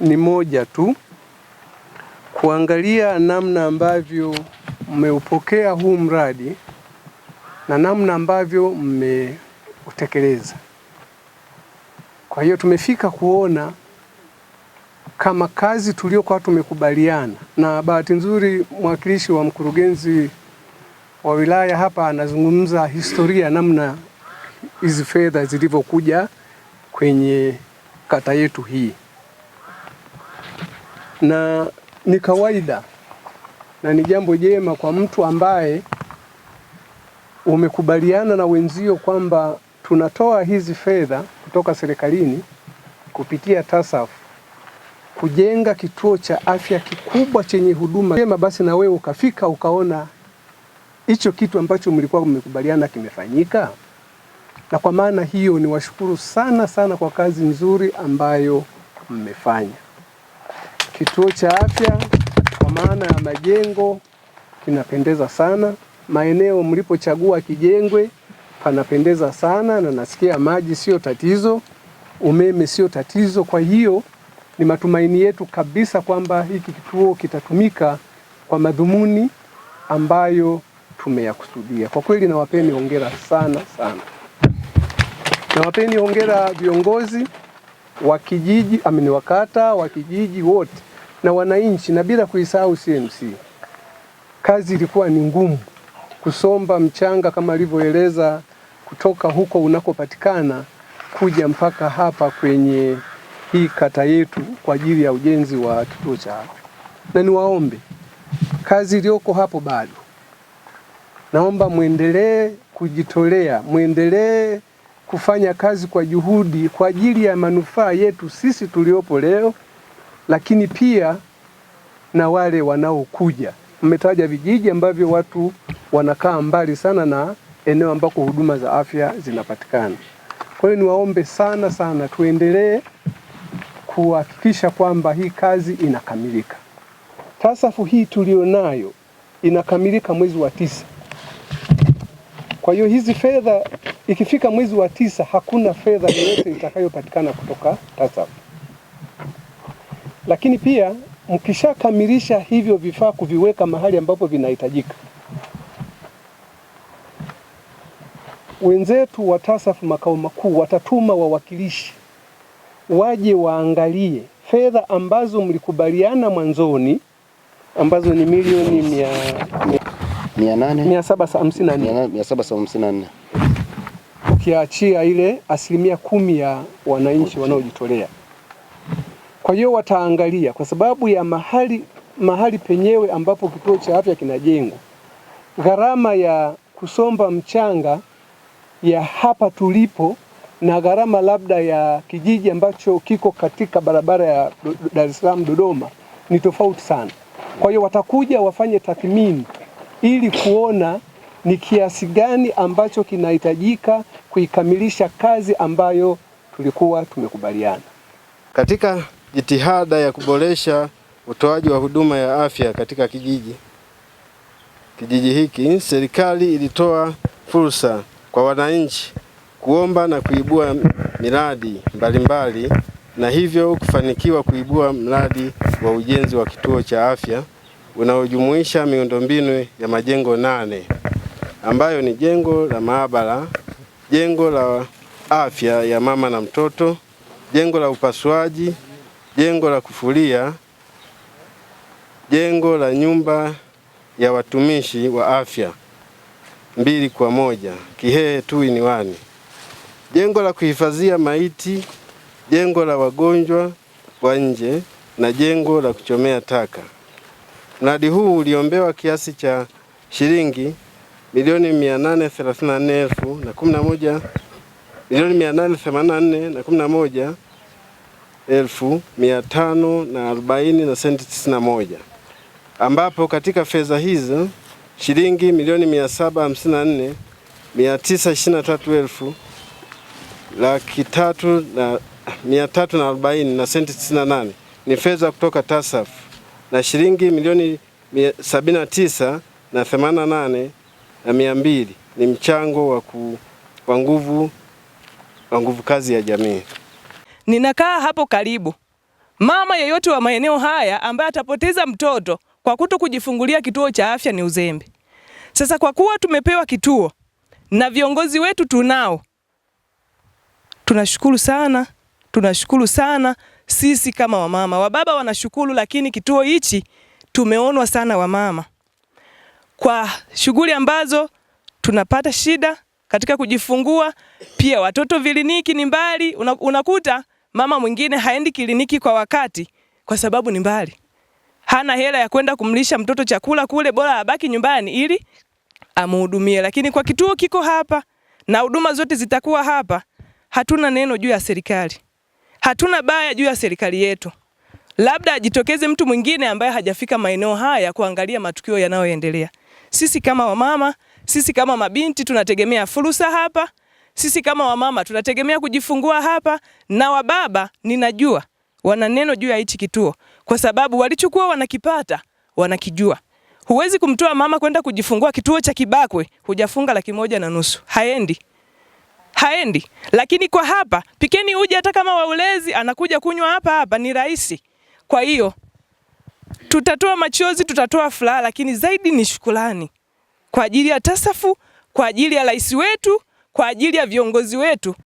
ni moja tu, kuangalia namna ambavyo mmeupokea huu mradi na namna ambavyo mmeutekeleza. Kwa hiyo tumefika kuona kama kazi tuliokuwa tumekubaliana, na bahati nzuri mwakilishi wa mkurugenzi wa wilaya hapa anazungumza historia namna hizi fedha zilivyokuja kwenye kata yetu hii na ni kawaida na ni jambo jema kwa mtu ambaye umekubaliana na wenzio kwamba tunatoa hizi fedha kutoka serikalini kupitia TASAF kujenga kituo cha afya kikubwa chenye huduma jema, basi na wewe ukafika ukaona hicho kitu ambacho mlikuwa mmekubaliana kimefanyika. Na kwa maana hiyo, niwashukuru sana sana kwa kazi nzuri ambayo mmefanya kituo cha afya kwa maana ya majengo kinapendeza sana. Maeneo mlipochagua kijengwe panapendeza sana, na nasikia maji sio tatizo, umeme sio tatizo. Kwa hiyo ni matumaini yetu kabisa kwamba hiki kituo kitatumika kwa madhumuni ambayo tumeyakusudia. Kwa kweli nawapeni hongera sana sana, nawapeni hongera viongozi wa kijiji amini wakata wa kijiji wote na wananchi, na bila kuisahau CMC. Kazi ilikuwa ni ngumu kusomba mchanga kama alivyoeleza kutoka huko unakopatikana kuja mpaka hapa kwenye hii kata yetu kwa ajili ya ujenzi wa kituo cha hapo, na niwaombe kazi iliyoko hapo bado, naomba mwendelee kujitolea, mwendelee kufanya kazi kwa juhudi kwa ajili ya manufaa yetu sisi tuliopo leo, lakini pia na wale wanaokuja. Mmetaja vijiji ambavyo watu wanakaa mbali sana na eneo ambako huduma za afya zinapatikana. Kwa hiyo niwaombe sana sana, tuendelee kuhakikisha kwamba hii kazi inakamilika. Tasafu hii tulionayo inakamilika mwezi wa tisa. Kwa hiyo hizi fedha Ikifika mwezi wa tisa hakuna fedha yoyote itakayopatikana kutoka TASAF. Lakini pia mkishakamilisha hivyo vifaa kuviweka mahali ambapo vinahitajika, wenzetu wa TASAF makao makuu watatuma wawakilishi waje waangalie fedha ambazo mlikubaliana mwanzoni ambazo ni milioni mia, mia, mia mia saba hamsini na nne tukiachia ile asilimia kumi ya wananchi wanaojitolea. Kwa hiyo wataangalia kwa sababu ya mahali, mahali penyewe ambapo kituo cha afya kinajengwa, gharama ya kusomba mchanga ya hapa tulipo na gharama labda ya kijiji ambacho kiko katika barabara ya Dar es Salaam Dodoma ni tofauti sana. Kwa hiyo watakuja wafanye tathmini ili kuona ni kiasi gani ambacho kinahitajika kuikamilisha kazi ambayo tulikuwa tumekubaliana. Katika jitihada ya kuboresha utoaji wa huduma ya afya katika kijiji kijiji hiki, serikali ilitoa fursa kwa wananchi kuomba na kuibua miradi mbalimbali mbali, na hivyo kufanikiwa kuibua mradi wa ujenzi wa kituo cha afya unaojumuisha miundombinu ya majengo nane ambayo ni jengo la maabara, jengo la afya ya mama na mtoto, jengo la upasuaji, jengo la kufulia, jengo la nyumba ya watumishi wa afya mbili kwa moja Kihehe tu iniwani, jengo la kuhifadhia maiti, jengo la wagonjwa wa nje na jengo la kuchomea taka. Mradi huu uliombewa kiasi cha shilingi milioni mia nane thelathini na nne elfu na kumi na moja milioni mia nane themanini na nne na kumi na moja elfu mia tano na arobaini na senti tisini na moja ambapo katika fedha hizo shilingi milioni mia saba hamsini na nne mia tisa ishirini na tatu elfu laki tatu na mia tatu na arobaini na senti tisini na nane ni fedha kutoka TASAF na shilingi milioni sabini na tisa na themanini na nane na mia mbili ni mchango wa wa nguvu wa nguvu kazi ya jamii. Ninakaa hapo karibu, mama yeyote wa maeneo haya ambaye atapoteza mtoto kwa kuto kujifungulia kituo cha afya ni uzembe. Sasa kwa kuwa tumepewa kituo na viongozi wetu tunao, tunashukuru sana, tunashukuru sana sisi kama wamama. Wababa wanashukuru, lakini kituo hichi tumeonwa sana wamama kwa shughuli ambazo tunapata shida katika kujifungua. Pia watoto viliniki ni mbali, unakuta mama mwingine haendi kliniki kwa wakati kwa sababu ni mbali, hana hela ya kwenda kumlisha mtoto chakula kule, bora abaki nyumbani ili amhudumie. Lakini kwa kituo kiko hapa na huduma zote zitakuwa hapa, hatuna neno juu ya serikali, hatuna baya juu ya serikali yetu. Labda ajitokeze mtu mwingine ambaye hajafika maeneo haya kuangalia matukio yanayoendelea. Sisi kama wamama, sisi kama mabinti tunategemea fursa hapa, sisi kama wamama tunategemea kujifungua hapa, na wababa ninajua wana neno juu ya hichi kituo, kwa sababu walichokuwa wanakipata wanakijua. Huwezi kumtoa mama kwenda kujifungua kituo cha Kibakwe, hujafunga laki moja na nusu, haendi haendi. Lakini kwa hapa Pikeni uje, hata kama waulezi anakuja kunywa hapa hapa, ni rahisi. Kwa hiyo tutatoa machozi, tutatoa furaha, lakini zaidi ni shukurani kwa ajili ya Tasafu, kwa ajili ya rais wetu, kwa ajili ya viongozi wetu.